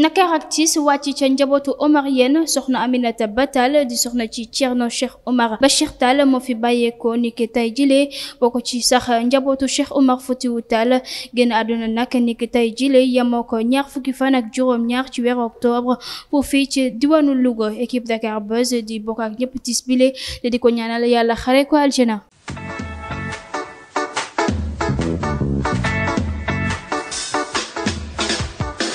naka artiste wàcc ca njabootu Omar yéen soxna Aminata Batal di soxna ci Thierno Cheikh Omar Bachir Tall moo fi bàyyeekoo niki tey jile bokk ci sax njabootu Cheikh Omar Foutiou Tall génn àdduna nag niki tey jile yemoo ko ñaar fukki fan ak juróom-ñaar ci weeru octobre pour fii ci diwaanu Louga équipe Dakar Buzz di bokk ak ñëpp tis bile te di ko ñaanal yàlla xare ko aljana